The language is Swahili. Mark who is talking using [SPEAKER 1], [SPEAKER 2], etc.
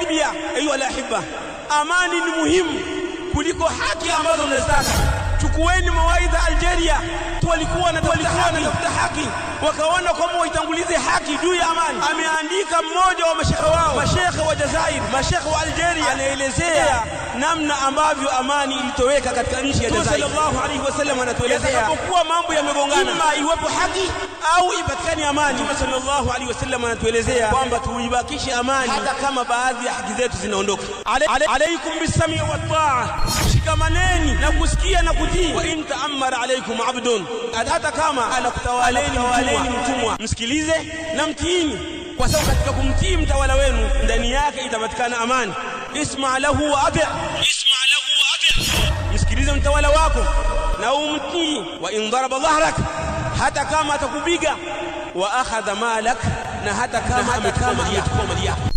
[SPEAKER 1] Libya, ayuha alahibba, amani ni muhimu kuliko haki ambazo mnazitaka. Chukueni mawaidha Algeria, walikuwa na tafuta haki, wakaona kwamba waitangulize haki juu ya amani. Ameandika mmoja wa mashekhe wao, mashekhe wa Jazair, mashekhe wa Algeria, anaelezea namna ambavyo amani ilitoweka katika nchi ya Tanzania.
[SPEAKER 2] Sallallahu alaihi wasallam anatuelezea
[SPEAKER 1] kwa mambo yamegongana, ima iwepo haki au ipatikane amani.
[SPEAKER 2] sallallahu alaihi wasallam anatuelezea
[SPEAKER 1] kwamba tuibakishe amani hata kama baadhi ya haki zetu zinaondoka. Alaykum bisami wa taa, shikamaneni na kusikia na kutii. Wa in taammara alaykum abdun, hata kama anakutawaleni mtumwa, msikilize na mtiini, kwa sababu katika kumtii mtawala wenu ndani yake itapatikana amani. اسمع له وأطع اسمع له وأطع يسكيليزم تولى واكم نوم تي وإن ضرب ظهرك حتى كما تكبيك وأخذ مالك نهتك كما تكبيك